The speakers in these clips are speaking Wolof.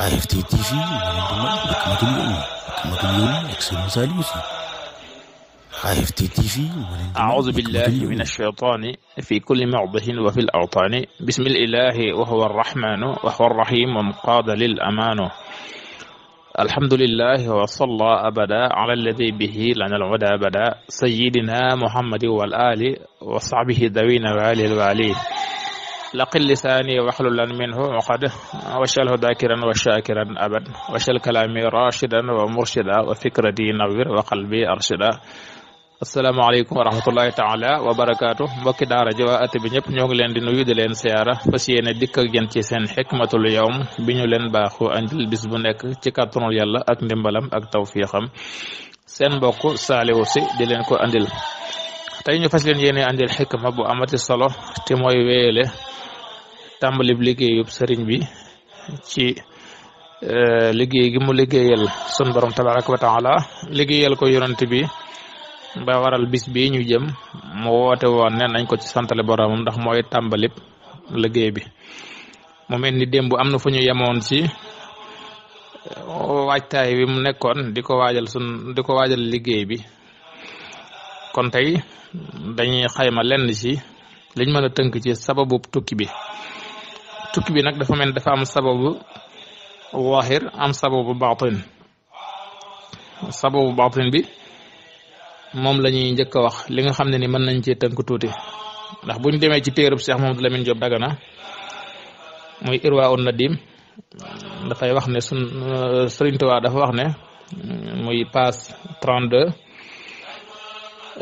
AFT TV أعوذ بالله من الشيطان في كل موضع وفي الأوطان بسم الإله وهو الرحمن وهو الرحيم ومقاد للأمان الحمد لله وصلى أبدا على الذي به لنا العدى أبدا سيدنا محمد والآل وصحبه ذوي النوال الوالي laqil lisaani waxlulan minhu uqad wacalhu dakiran wa shakiran abad wacal kalaami rashidan wa murshida wa fikrati nawir wa qalbi arshida asalaamaaleykum wa rahmatullahi taala wa barakaatu mbokki daara ji bi ñëpp ñoo ngi leen di nuyu di leen siyaara fas yéene dikk ak yéen ci seen xikmatul yawm bi ñu leen baaxu andil bis bu nekk ci kàttanul ak ndimbalam ak tawfiixam seen mbokk Saaliwu Si di leen ko andil tey ñu fas xikma bu amati solo te tàmbalib liggéeyub sëriñ bi ci euh, liggéey gi mu liggéeyal sun borom tabaraka wa taala liggéeyal ko yonent bi ba waral bis bi ñu jëm mu woote woon ne nañ ko ci santale boromam ndax mooy tàmbalib liggéey bi mu mel ni démb am na fu ñu yemoon ci euh, waajtaay bi mu nekkoon di ko waajal sun di ko waajal liggéey bi kon tey dañuy xayma lenn ci liñ mën a tënk ci sababu tukki bi tukki bi nag dafa mel dafa am sababu waaxir am sababu baatin sababu baatin bi moom la ñuy njëkk a wax li nga xam ne ni mën nañ cee tenk tuuti ndax buñ demee ci téerub Cheikh Mamadou Lamine Diop Dagana muy Irwa na Nadim dafay wax ne sun euh, Sëriñ dafa wax ne muy passe 32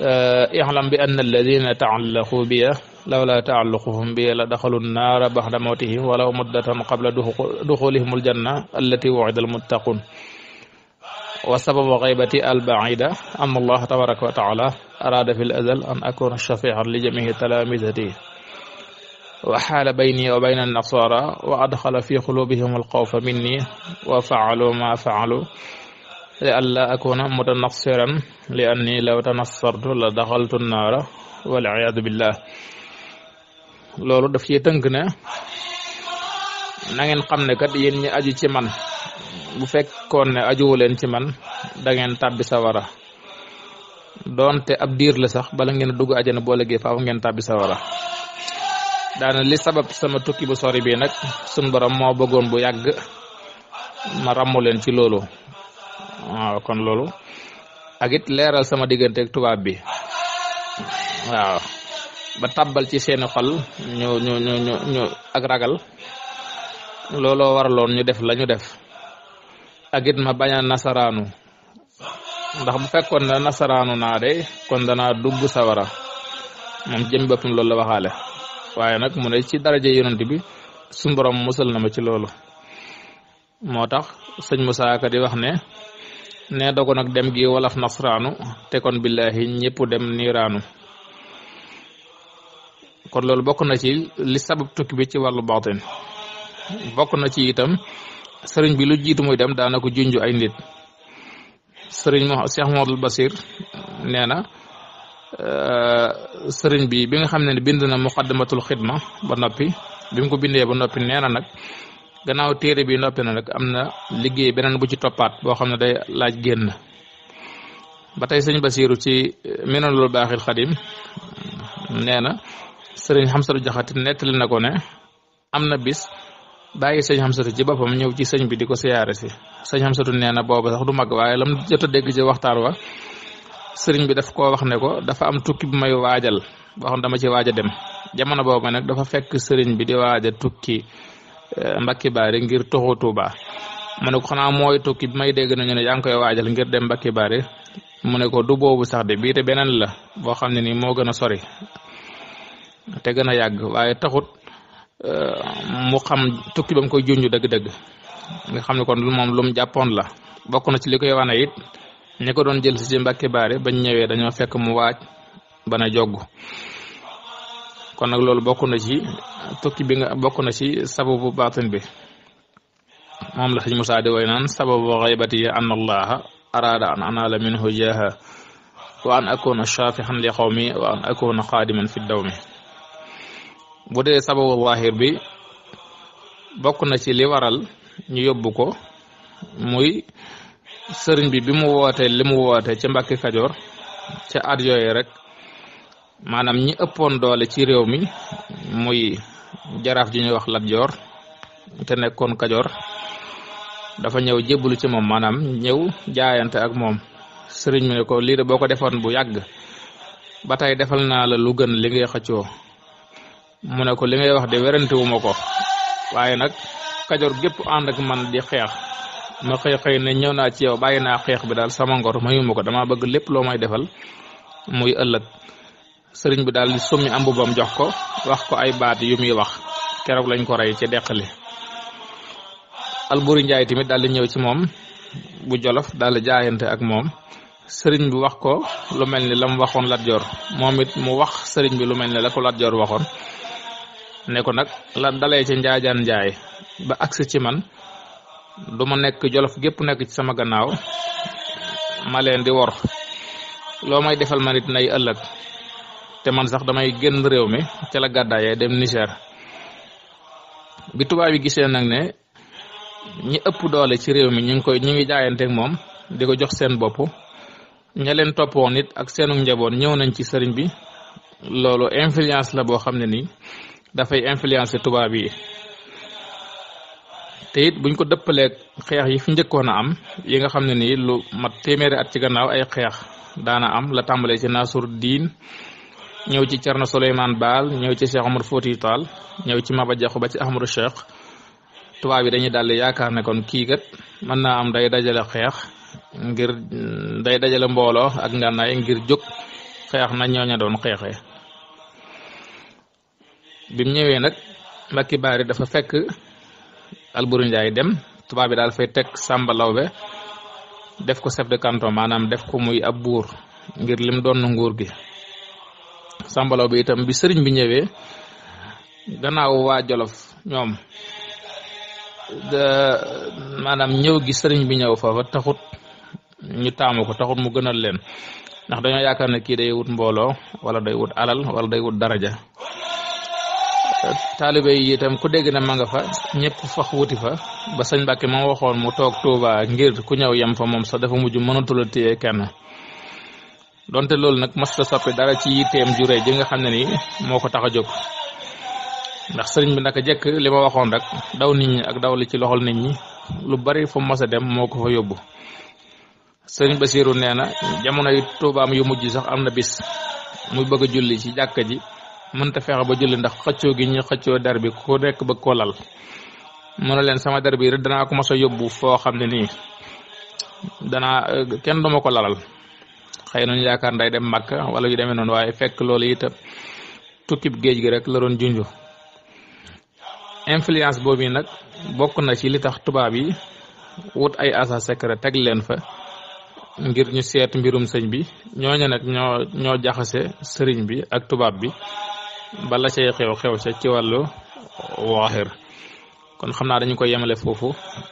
euh, i'lam bi anna alladina taallaqu biya lawla taalluquhum bi la daxalu naara baxda mawtihim walaw muddatan qabla duxulihim aljanna allati wucida almuttaqun wa sababu xaybati albaida an allah tabaraka wa taala araada fi l azal an akuna shafian li jamihi talaamisati wa xaala bayni wa bayna annasara wa adxala fi qulubihim alxawfa minni wa faalu ma faalu li alla akuna mutanassiran li anni law tanassartu la daxaltu nnaara wal iyaadu billah loolu def ciy tënk ne na ngeen xam ne kat yéen ñi aju ci man bu fekkoon ne ajuwu leen ci man da ngeen tàbbi sawara doonte ab diir la sax bala ngeen dugg ajana boo léegi faaw ngeen tàbbi wara daana li sabab sama tukki bu sori bi nag sun borom moo bëggoon bu yàgg ma ràmmu leen ci loolu waaw kon loolu ak leeral sama digganteeg tubaab bi waaw ba tàbbal ci seeni xol ñu ñu ñu ñu ak ragal looloo waraloon ñu def lañu def ak ma bañ nasaraanu ndax bu fekkoon ne nasaraanu naa de kon danaa dugg sawara moom jëm boppam loolu la waxaale waaye nag mu ne ci daraje yonent bi suñu borom musal na ma ci loolu moo tax sëñ Moussa Ka di wax ne nee dogoon ak dem gi walaf nasraanu te kon billahi ñëpp dem niraanu kon loolu bokk na ci li sabab tukki bi ci wàllu baatin bokk na ci itam sëriñ bi lu jiitu muy dem daana ko ay nit sëriñ mo Cheikh Modou Basir nee na euh, sëriñ bi bi nga xam ne bind na muqaddamatul xidma ba noppi bi ko bindee ba noppi nee na nag gannaaw téere bi noppi na nag am na liggéey beneen bu ci toppaat boo xam ne day laaj génn ba tey ci Minanul Baaxil Xadim nee sëriñ Xamsatu Jaxate nettali na ko ne am na bis bàyyi sëñ xam Xamsatu ci boppam ñëw ci sëñ bi di ko siyaar si sëñ Xamsatu na booba sax du mag waaye lam jot dégg ci waxtaan wa sëriñ bi daf ko wax ne ko dafa am tukki bu may waajal waxoon dama ci waaj a dem jamono boobu nag dafa fekk sëriñ bi di waaj a tukki eh, Mbacke Bari ngir toxu Touba mu ne ko xanaa mooy tukki bu may dégg nañu ne yaa ngi koy waajal ngir dem Mbacke Bari mu ne ko du boobu sax de bii te beneen la boo xam ne nii moo gën a sori te gën a yàgg waaye taxut euh, mu xam tukki ba mu koy junj dëgg-dëgg nga xam ne kon moom lu jàppoon la bokk na ci li koy wane it ñi ko doon jël si ci mbàkki baare bañ ñëwee dañoo fekk mu waaj bana jog kon nag loolu bokk na ci tukki bi nga bokk na ci sababu baatin bi moom la sëñ Musaa di way naan sababu xaybati an allaha araada an anaala minhu jaaha wa an akuna shafixan li xawmi wa an akuna xaadiman fi dawmi bu dee sababu zaahir bi bokk na ci li waral ñu yóbbu ko muy sëriñ bi bi mu wootee li mu woote ci Mbàkke Kajoor ci at yooyu rek maanaam ñi ëppoon doole ci réew mi muy jaraaf ji ñuy wax Lat Joor te nekkoon Kajoor dafa ñëw jébbalu ci moom maanaam ñëw jaayante ak moom sëriñ bi ne ko lii de boo ko defoon bu yàgg ba tey defal naa la lu gën li mu ne ko li ngay wax de werante wu ma ko waaye nag kajoor gépp ànd ak man di xeex ma xëy xëy ne ñëw naa ci yow bàyyi naa xeex bi daal sama ngor mayu ma ko dama bëgg lépp loo may defal muy ëllëg sëriñ bi daal di summi am jox ko wax ko ay baat yu wax keroog lañ ko rey ci deqali Alburi Njaay tamit daal di ñëw ci moom bu jolof daal di jaayante ak moom sëriñ bi wax ko lu mel ni la mu waxoon Lat Joor moom it mu wax sëriñ bi lu mel ni la ko Lat Joor waxoon ne ko nag la dalee ci njaajaan njaay ba agsi ci man du ma nekk jolof gépp nekk ci sama gannaaw ma leen di wor loo may defal ma nay ëllëg te man sax damay génn réew mi ca la gàddaayee dem Niger bi tubaab yi gisee nag ne ñi ëpp doole ci réew mi ñu ngi koy ñu ngi jaayanteeg moom di ko jox seen bopp ña leen toppoon nit ak seenu njaboot ñëw nañ ci sëriñ bi loolu influence la boo xam ne nii dafay influencer tubaab yi te it buñ ko dëppalee xeex yi fu njëkkoon a am yi nga xam ne nii lu mat téeméeri at ci gannaaw ay xeex daana am la tàmbalee ci Nasur diin ñëw ci Cerno Souleymane Baal ñow ci Cheikh Omar Fouti Tall ñëw ci Maba Jaxu ba ci Ahmadou Cheikh tubaab yi dañuy daldi yaakaar ne kon kii kat mën naa am day dajale xeex ngir mm, day dajale mbooloo ak ngànnaay ngir jóg xeex na ñooña doon xeexee bi mu ñëwee nag Mbacke Bari dafa fekk Alboury Ndiaye dem tubaab bi daal fay teg Samba be def ko chef de canton maanaam def ko muy ab buur ngir lim doon nguur gi Samba Lawbe itam bi sëriñ bi ñëwee gannaaw waa Jolof ñoom maanaam ñëw gi sëriñ bi ñëw foofa taxut ñu taamu ko taxut mu gënal leen ndax dañoo yaakaar ne kii day wut mbooloo wala day wut alal wala day wut daraja taalibe yi itam ku dégg na ma nga fa ñëpp fax wuti fa ba sëñ Mbàkke ma waxoon mu toog Tuuba ngir ku ñaw yem fa moom sax dafa mujj mënatuloo a téye kenn donte loolu nag mas ta soppi dara ci yitteem jure ji nga xam ne ni moo ko tax a jóg ndax sëriñ bi naka jekk li ma waxoon rek daw nit ak daw li ci loxol nit ñi lu bari fu mas a dem moo ko fa yóbbu sëriñ Basiiru nee na jamono yi Tuubaam yu mujj sax am na bis mu bëgg a julli ci jàkka ji mënta feexa ba julli ndax xëccoo gi ñu xëccoo der bi ku nekk ba ko lal mu ne leen sama der bi rek dana ko mos a yóbbu foo xam ne nii danaa kenn duma ko lalal xëy na ñu yaakaar nday dem màkk wala yu demee noonu waaye fekk loolu itam tukkib géej gi rek la doon junju influence boobu nag bokk na ci li tax tubaab yi wut ay agent secret teg leen fa ngir ñu seet mbirum sëñ bi ñooñu nag ñoo ñoo jaxase sëriñ bi ak tubaab bi bala cay xew xew ca ci wàllu waaxir kon xam naa dañu koy yemale foofu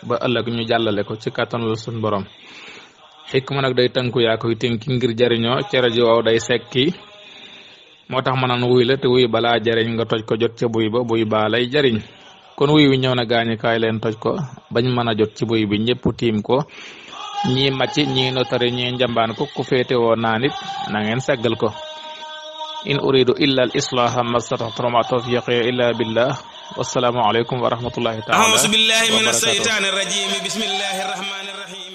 ba ëllëg ñu jàllale ko ci kàttanul suñ borom xikma nag day tënku yaa koy tënki ngir jariñoo cere ji waaw day sekki moo tax ma naan wuy la te wuy balaa jariñ nga toj ko jot ca buy ba buy baa lay jariñ kon wuy wi ñëw na gaañi kaay leen toj ko bañ mën a jot ci buy bi ñëpp tiim ko ñii màcc ñii notari ñii njambaan ko ku féete woo naa nit na ngeen seggal ko in uridu illa al islaha mastata'tu ma tawfiqi illa billah wassalaamu aleykum wa rahmatullahi ta'ala auzu billahi min ashaytani rajim bismillahi rahmani rahim